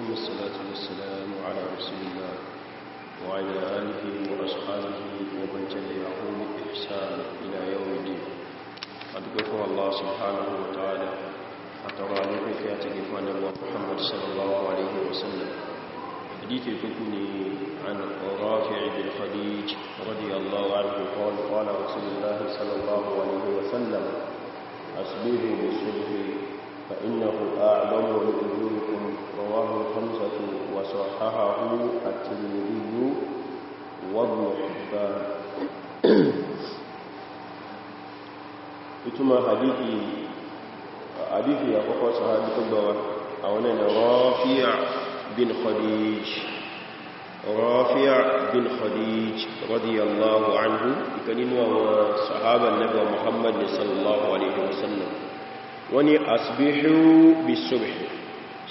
ثم الصلاة والسلام على رسول الله وعلى آله وأصحابه ومن تبعهم بإحسان إلى يوم الدين قد كفر الله سبحانه وتعالى حترى في يتقفان الله محمد صلى الله عليه وسلم حديث تكني عن رافع بن خديج رضي الله عنه قال قال رسول الله صلى الله عليه وسلم أصبروا بالصبر فإنه أعلم بإذنكم رواه الخمسة وصححه التلمذي وابن حبان إتما حديثي حديثي يا يقول صحابة الدور أولينا رافع بن خديج رافع بن خديج رضي الله عنه يكلمه صحابة النبي محمد صلى الله عليه وسلم wọ́n ní بالصبح bisubh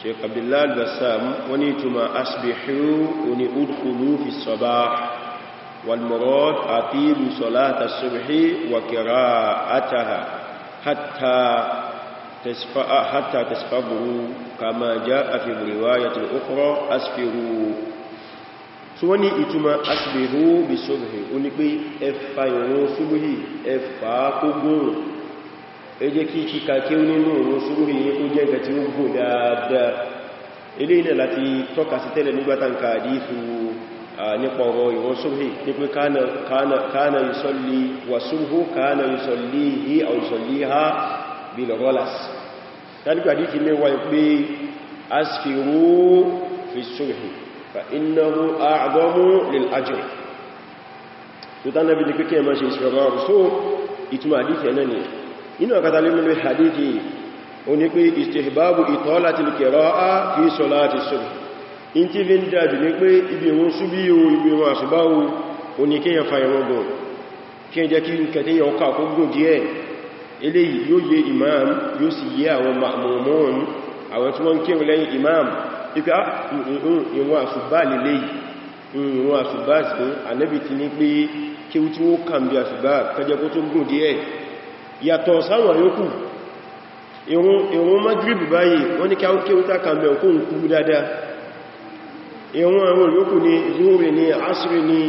sheik abdullahi al-bassam wọ́n ní ìtumọ̀ asbihu oní udkhulu fi sabah والمراد أطيب صلاة الصبح وكراءتها حتى تسفأ حتى تسفبوا كما جاء في الرواية الأخرى أسفروا سواني إتما أسبهوا بصبح ونقي أفا يرون صبح أفا قبور ẹjẹ́ kí kíkà kí ó nínú òun súnmí yí kó jẹ́ ǹkan tí ó gùn dáadáa ilé ilẹ̀ láti tọ́ka sí tẹ́lẹ̀ nígbàtànkà àdífù nípa ọ̀rọ̀ ìwọ̀n súnmí ní pé kánà ìsọ́lì wà súnmú kánà ìsọ́lì hí àwùsọ̀lì ha bí lọ́rọ́lás tàbíkà àdífì mẹ́wàá pé asfiru fi súnmí fa innahu a'zamu lil náà nìyẹn inú ọ̀kátà lè mẹ́lẹ̀ hadithi o ní pé istihbabu italatil qira'a fi salati subh in ti fi ń dájú ní pé ibi ìwọ̀n ṣubí o ibi ìwọ̀n àṣùbáwò o ní kí yẹn fa ìwọ̀n gùn kí jẹ́ kí kẹtẹ́ yẹn ọkà kó gùn díẹ̀ eléyìí yóò yé imam yóò sì yé àwọn ma'mumun àwọn tí wọ́n ń kírun lẹ́yìn imam ipa ah, ìwọ̀n àṣùbá lélẹ́yìí hmm, ìwọ̀n àṣùbá sí anábì ti ní pé kí ó tí ó kàn bí àṣùbá kẹjẹ kó tó gùn díẹ̀ yàtọ̀ sáwọn yókù ìrun magrib báyìí wọ́n ní kí a ń kéwútà kàmẹ̀ òkú ń kú dáadáa ìrun àwọn yókù ní zuhuri ní asiri ni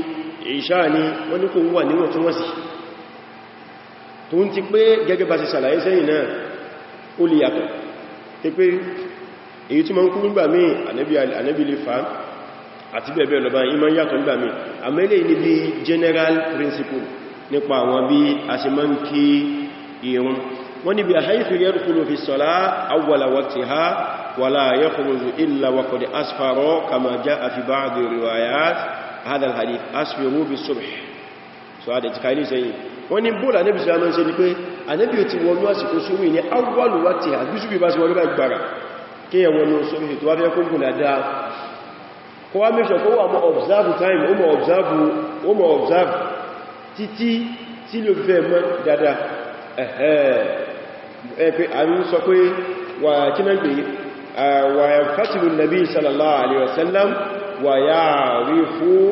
ìṣà ní wọ́n ni kò wà níwọ̀n tún wọ́sí tó ń ti pé gẹ́gẹ́ bá ti sàlàyé sẹ́yìn náà ó lè yàtọ̀ ti pé èyí tí ma ń kú general principle nípa àwọn bí a ṣe máa ń kí ìrun wọ́n níbi àháyìfì yẹ́rùkúlù fi sọ́lá awwala waqtiha wala yakhruju illa wa qad asfara kama jaa fi ba'd riwayat hadha al-hadith asfiru bi subh so adé ti káyí sẹ́yìn wọ́n ní bóòlù anẹ́bì sọ́lá mọ́sẹ́ ni pé anẹ́bì ti wọnú àsìkò súnmù ní awwala waqtiha bísúbì bá sí wọ́n bá gbára kí yẹ wọnú súnmù tó wá fẹ́ kó gùn dáadáa kó wá mẹ́fẹ́ kó wà mọ́ observe time ó mọ́ observe títí tí ló fẹ́ mọ́ ẹ̀hẹ́ sọ pé wà kí náà pè wà yà fásìlù nàbí sallallahu alaihi wasallam wà yà rí fún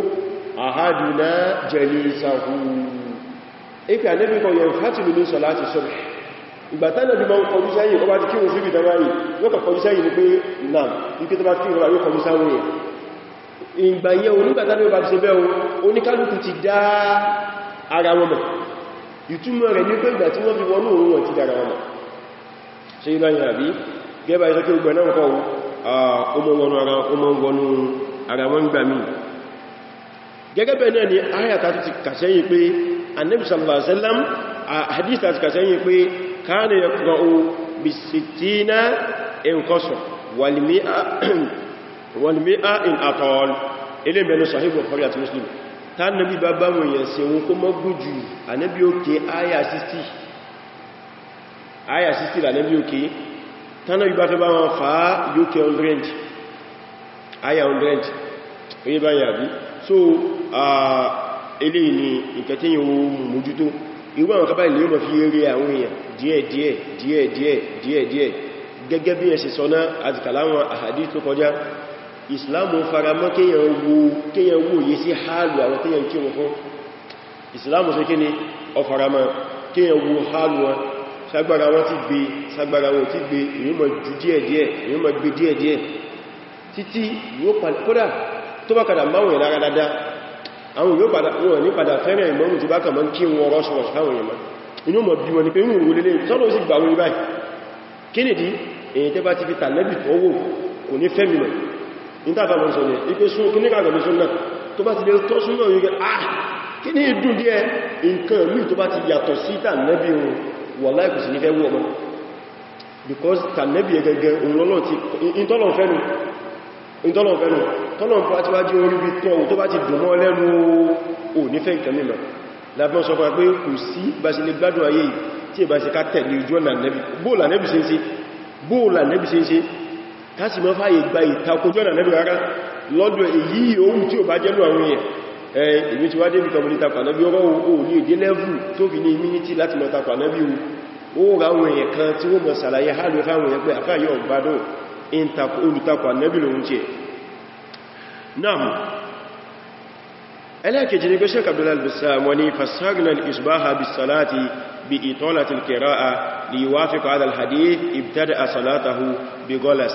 àhádùná jalisahu ipe ànábì kan yà fásìlù ní salati subh ìgbàtá náà bí ma ń kọjú sẹ́yìn ọba ti kí wọ́n síbi tàbí yóò kọ̀ kọjú sẹ́yìn ní pé náà ikẹ́ tó bá ti kí yóò kọjú sáwọn èèyàn ìgbàyẹ̀ onígbàtá ní ọba ti ṣe bẹ́ oníkálùkù ti dá ara wọn ìtumọ̀ rẹ̀ ní pé ìgbà tí wọ́n fi wọnú òun wọ̀n ti dára wọn ṣe yí báyìí àbí gẹ́bà ìṣẹ́kí ogun náà kọ́ ọmọ wọnú ara wọn gbà mí gẹ́gẹ́ bẹ́ẹ̀ náà ni ayàtà ti kàṣẹ́yìn pé annabi sallallahu alaihi wasallam kana yaqra'u bi sittina in qasr wal mi'a wal mi'a in atal ilé mẹ́nu tánàbí bá bá wọn yẹ̀ sí ohun kó mọ́gún jù ànábí òkè àyà 60 àyà 60 lànábí òkè tánàbí bá fẹ́ bá wọn fàá yókè 100 àyà 100 oye bá yàbí so ilé ni ìkẹtí yíò mójútó irú àwọn kábà ilé mọ̀ fi rí àwọn èèyàn díẹ̀ díẹ̀ díẹ̀ díẹ̀ díẹ̀ díẹ̀ gẹ́gẹ́ bí ẹ̀ sì sọ náà àti kàláwọn àhàdí tó kọjá islam ò faramọ́ kíyàn wó yé sí hálù àwọn tíyàn kí wọn fún islam ṣe kí ni ọ faramọ́ kíyàn wó hálù wọn sagbara wọn ti gbé sagbara wọn ti gbé èyí mọ̀ ju díẹ̀díẹ̀ èyí mọ̀ gbé díẹ̀díẹ̀ títí yóò padà tó bá kàdà máwọn ìlara dáadáa àwọn yóò padà wọn ní padà fẹ́rẹ̀ ìmọ̀mù tí bá ìtàfà mọ́ sọ ní ipé sún kí ní kàgbẹ̀mí súnnà tó bá ti lè tọ́ súnnà yìí gẹ́ ah kí ní ìdún díẹ̀ nǹkan mí tó bá ti yàtọ̀ sí tànẹ́bí ohun wà láìkù sí ní fẹ́ wọ́n because tànẹ́bí ẹgẹgẹ òun lọ́lọ́ tí bóòlà nẹ́bì káàsì mọ́ fàyè gba ìtakojọ́nà nẹ́bí rárá lọ́dọ̀ èyí ohun tí ó bá jẹ́lú àwọn èèyàn èmi ti wá débì kan mú ní tapà nẹ́bí ọ̀rọ̀ o ní èdè lẹ́vù tó fi ní immunity láti mọ́ tapà nẹ́bí o ó ẹlẹ́kẹ̀ẹ́jì ni pé ṣe kàbílá albisa wani fasagnal isbaha bis salati bi itolatil kira'a li yuwafiqa adal hadith ibtada salatahu bi golas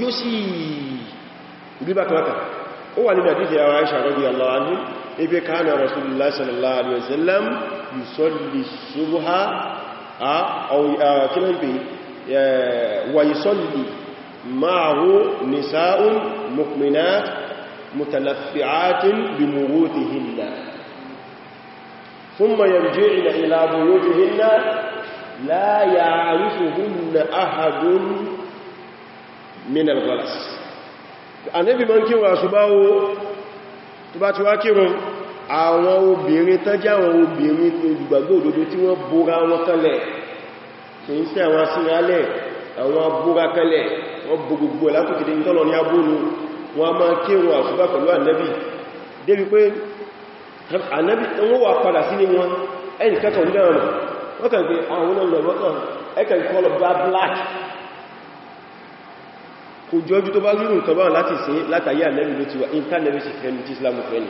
yóò sì gbígbàkankan ó wà nínú àdíjẹ àwọn Aisha radiyallahu anha ibi kana rasulullah sallallahu alaihi wasallam yusalli subha wa yusalli ma'ahu nisa'un mu'minat mutalaffi'atin bi murutihinna thumma yarji'na ila buyutihinna la ya'rifuhunna ahadun min al-ghalas ànábì máa ń kírun àṣùbá o tó bá ti wá kírun àwọn obìnrin tán jẹ́ àwọn obìnrin olùgbàgbọ́ òdodo tí wọ́n bóra wọn kalẹ̀ kìí sí àwọn asíralẹ̀ àwọn abúra kalẹ̀ wọ́n bó gbogbo látòkèdè ìtọ́lọ ní abúrú wọn a máa kírun àṣùbá pẹ̀lú ànábì débi pé ànábì wọ́n wà padà sí ní wọn ẹnìkẹ́kọ̀ọ́ kò jọjú tó bá rírùn kan báwọn láti sin látàyé ànẹ́bì ló ti wà intanẹ́bì sì fẹ́ni tí islam fẹ́ni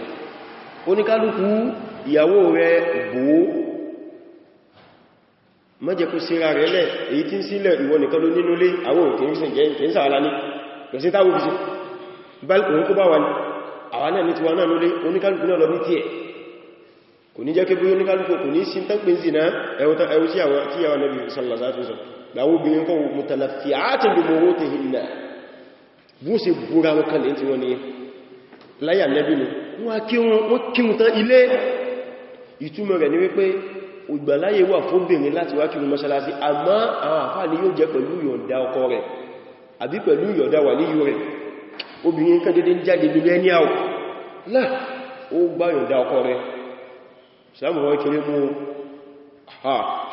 oníkálùkù ìyàwó rẹ̀ bò mọ́jẹ̀kú síra rẹ̀ lẹ̀ èyí tí ń sílẹ̀ ìwọ nìkan ló nínú lé àwọn òkèrínsìn kò ní jẹ́ kí bí oníkálùkù kò ní sí tán pín zina ẹwọ tí àwọn tíyàwó nẹ́bí sallá sáàtúnsọ̀ láwọn obìnrin kọwọ́ mutalafiyatin bí mọ̀wó tèhìnnà bó ṣe búra wọn kan lè tí wọ́n ni láyà lẹ́bí ni wọ́n kírun tán ilé ìtumọ̀ rẹ̀ ni wípé ìgbàláyé wà fóbìnrin láti wá kírun mọ́ṣálásí àmọ́ àwọn àfáà ni yóò jẹ́ pẹ̀lú yọ̀ǹda ọkọ rẹ̀ àbí pẹ̀lú yọ̀ǹda wà níyù rẹ̀ obìnrin ní àwọ̀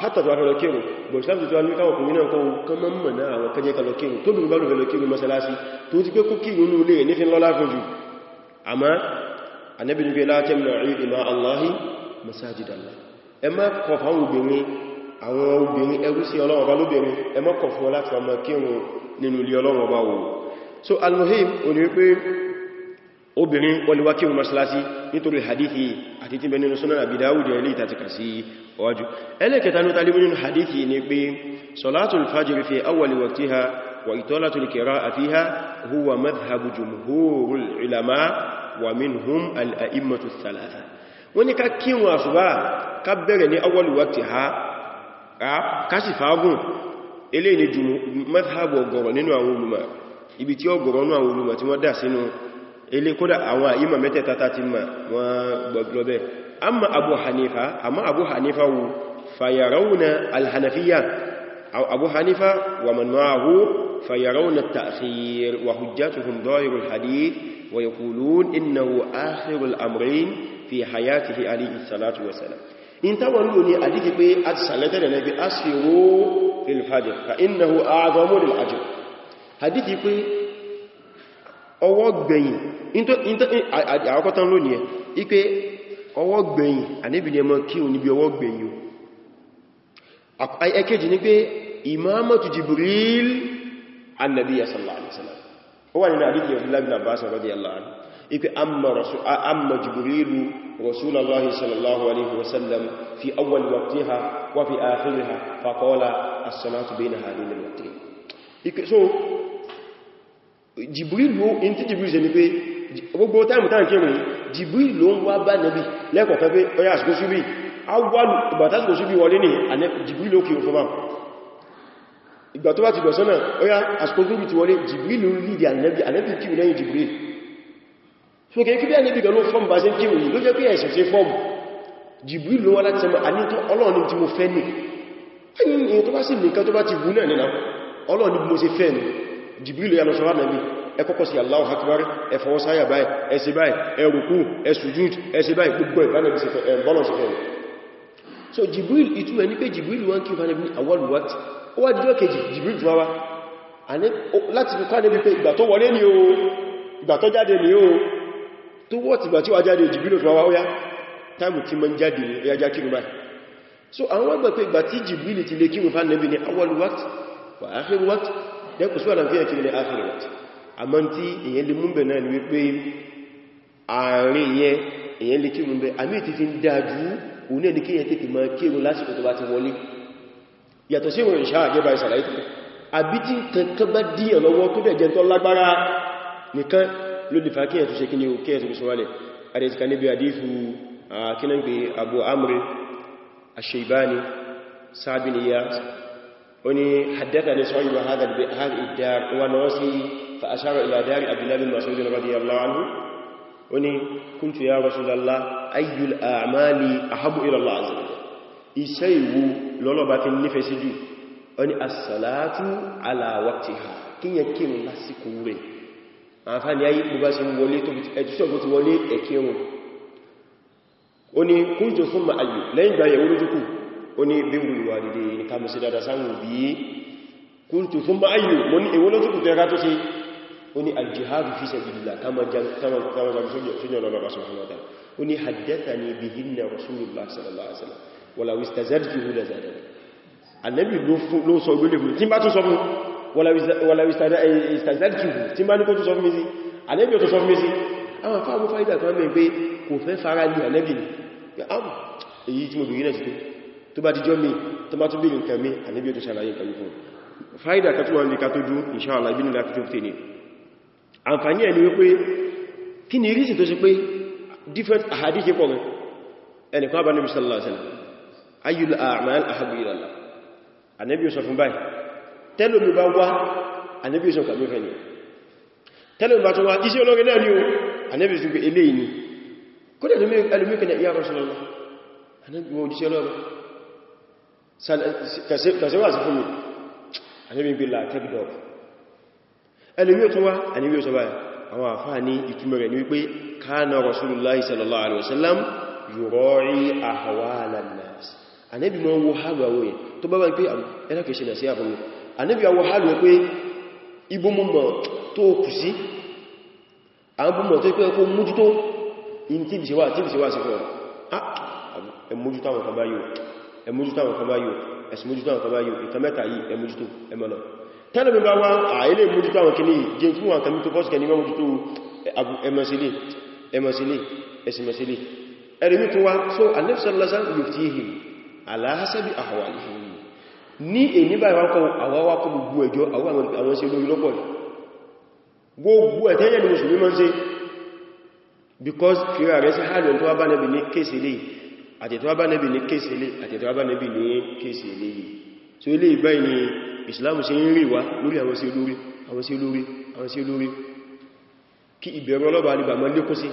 hátà tó wáfẹ́ lọ́kẹ́rù bọ̀ islam tó wáfẹ́ káwọn kùnrin náà kọwọ́ kan mọ́ mọ̀ náà àwọn kan jẹ́ kan lọ́kẹ́rù tó bìí bá lọ́fẹ́ lọ́kẹ́rù mọ́sálásí tó ti pé kó kí inú ilé rẹ̀ nífin lọ́lá fún jù àmá Ànábì nígbé látẹ́m na rí ìmá Allahi masajidalla ẹ má obìnrin àwọn obìnrin so almuhim o ní wípé obìnrin wọlewá kírun mọ́sálásí nítorí hadithi àti tí bẹ nínú sunan Abi ilé ìtàtìkà sí wájú ẹlẹ́kẹta ní talibu nínú hadithi ni pé salatul fajr fi awwali waqtiha wa itolatul qira'a fiha huwa madhhabu jumhurul ulama wa minhum al-a'immatu thalatha wọ́n ní ká kírun àṣùbá ká bẹ̀rẹ̀ ní awwali waqtiha ká sì fagún eléyìí ni jùmù madhhabu ọ̀gọ̀rọ̀ nínú àwọn ulama ibi tí ọ̀gọ̀rọ̀ nínú àwọn ulama tí wọ́n dá sínú ilé kódà àwọn àyíma أما أبو حنيفة أما أبو حنيفة فيرون الحنفية أو أبو حنيفة ومن معه فيرون التأخير وهجاتهم ظاهر الحديث ويقولون إنه آخر الأمرين في حياته عليه الصلاة والسلام إن تولوني أديك بي أتسالتنا لنبي أسفروا في الفجر فإنه أعظم للعجر أديك بي ọwọ́ gbẹ̀yìn àwọ́kọ́tán lónìí ipé ọwọ́ gbẹ̀yìn àníbì ní ẹmọ kí o níbi ọwọ́ gbẹ̀yìn ẹkẹ́jì ní pé imamatu jibril annabi ya sallallahu alaihi wasallam ó wà nínú àdíkì abdullahi bin abbas radiyallahu anhu ipe amma sallallahu alaihi wasallam fi awwal waqtiha wa fi akhiriha fa qala as-salatu bayna hadhihi al-waqtayn ipe so jibrilu inti jibril ṣe ní pé gbogbo time time kírun Jibril ló ń wá bá nàbí lẹ́kọ̀ọ́kẹ́ pé ọya àsìkò ṣúbí awọ́lù ìgbàtàsìkò ṣúbí wọlé ní Jibril ló kí o fọ́mà ìgbà tó bá ti gbọ̀sọ́nà ọya àsìkò ṣúbí ti wọlé Jibril ló rí ìdí ànẹ́bì ànẹ́bì kí o lẹ́yìn Jibril so kẹ́ kí bí ànẹ́bì gan ló fọ́m bá ṣe kí o yìí ló jẹ́ pé ẹ̀sẹ̀ ṣe fọ́m Jibril ló wá láti sẹmọ àníkọ́ Ọlọ́run tí mo fẹ́ ní ẹni tó bá ẹ kọ́kọ́ sí Allahu Akbar ẹ fọwọ́ sáyà báyìí ẹ ṣe báyìí ẹ rùkú ẹ sùjúd báyìí gbogbo ìbánàbí sí bọ́lọ̀ sí so Jibril ìtú ẹni pé Jibril wọ́n kí ìbánàbí awọ́lùwát ó wá dídọ́ kejì Jibril tó wá láti fi kánẹ́bí pé ìgbà tó wọlé ni o ìgbà tó jáde ni o tó wọ́ tìgbà wá ó yá so àwọn wọ́n gbà pé ìgbà tí Jibril ti lè kírun fánẹ́bí ni awọ́lùwát wà áhírùwát dẹ́kùsùwà kiri ni áhírùwát àmọ́ tí èyàn lè múbẹ̀ náà ni wípé ààrin yẹn èyàn lè kírun bẹ́ àmì ti fi ń dájú òun ní kíyàn tètè máa kírun lásìkò tó bá ti wọlé yàtọ̀ sí ìwọ̀n ìṣá àjẹ́bà ìsàlàyé àbí tí kankan bá díyàn lọ́wọ́ tó dẹ̀ jẹ́ tó lágbára nìkan ló lè fa kíyàn tó ṣe kíni kíyàn tó sọ wálẹ̀ adẹ́sìká níbi àdífù kínan pé Abu Amr ní haddathani sọ́yìn wa hadha al-dar wa nawasi فأشار إلى دار عبد الله بن مسعود رضي الله عنه وني قلت يا رسول الله أي الأعمال أحب إلى الله عز وجل إسيو لولو باكي نفسي جو وني الصلاة على وقتها كي يكين لسكو ري àfáà ni ayé gbogbo ṣe ń wọlé tó ẹ̀tùsọ̀ tó ti wọlé ẹ̀kí wọn o ni kúrùtù fún ma ayò lẹ́yìn gbáyẹ̀ olójúkù o ni bí wùlùwà dìde ní kàmùsí dada sáwọn òbí kúrùtù fún ma ayò mọ́ ní ewolójúkù tẹ́ra tó ṣe ó ní al-jihadu fi sabilillah kama jagun sójú ọ̀nà bàbá sọ̀rọ̀ mọ́ta ó ní haddathani bihinna rasulullah sallallahu alaihi wasallam wala wistazadtuhu la zadani annabi ló sọ gbélé fún tí bá tún sọ fún wala wistazadtuhu eh, tí bá ní kó tún sọ fún mi sí annabi tó sọ fún mi sí àwọn fáwọn fáìdà kan mẹ́ pé kò fẹ́ fara ní annabi èyí tí mo bèèrè náà sí pé tó bá díjọ́ mi tó bá tún bèèrè nǹkan mi annabi tó ṣàlàyé nǹkan kan tún wọn lè ká tó dún insha Allah ibi nílá kí tó àǹfààní ẹni wípé kí ni rísì tó ṣe pé different ahadith pọ̀ rẹ̀ ẹni kan bá Nabi sallallahu alaihi wasallam ayyul a'mal ahabbu ila Allah Ànábì sọ fún báyìí tẹ́lò mi bá wá Ànábì sọ kàmí fẹ́ ni tẹ́lò mi bá tún wá iṣẹ́ olórin náà ni o Ànábì sọ pé ilé ni kó dẹ̀ lómi ẹlùmí kàṣẹ́wà sí fún mi Ànábì gbé látẹ́bìdọ̀pù ẹlẹ́wí tó wá àníwí òsọ báyìí àwọn àfáà ní ìtumọ̀ rẹ̀ ní wípé kana rasulullahi sallallahu alaihi wasallam yurari ahwala an-nas ànábì mọ́ wo hálùwà wòye tó bá bá pé ẹlẹ́kẹ̀ẹ́ṣẹ́ nà sí àbúrú ah, yìí ẹmójútó ẹmọ́nà tẹ́lẹ̀ mi bá wá àílé mójútó àwọn kìíní jẹ fún àwọn kàmí tó bọ́sù kẹ ní mọ́ mójútó ẹmọ̀sílé ẹmọ̀sílé ẹsìmọ̀sílé ẹ̀rẹ̀mí tó wá so anẹ́fisàlásá yuftihim ala hasabi ahwalihim ní èní báyìí wá kọ́ àwọ́wákọ́ gbogbo ẹjọ́ àwọn ṣe lórí lọ́pọ̀ gbogbo ẹ̀tẹ́yẹ̀ ni mùsùlùmí mọ́ sí because fíra rẹ̀ sí hàlùn tó wá bá nẹ́bì ní kéèsì lè àtẹ̀tọ́ wá bá nẹ́bì ní kéèsì lè àtẹ̀tọ́ wá bá nẹ́bì ní kéèsì lè yìí so ilé ìbáyìí islam ṣe ń rí wá lórí àwọn sí olórí àwọn sí olórí àwọn sí olórí kí ìbẹ̀rù ọlọ́ba alìbà mọ́ lékún sí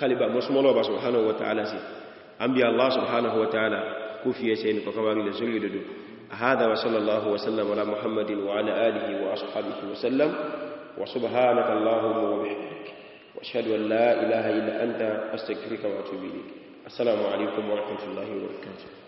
kalibà mọ́súnmọ́ ọlọ́ba subhanahu wa ta'ala sí an bí allah subhanahu wa ta'ala kó fi ẹsẹ̀ ní kọkàn wárí lè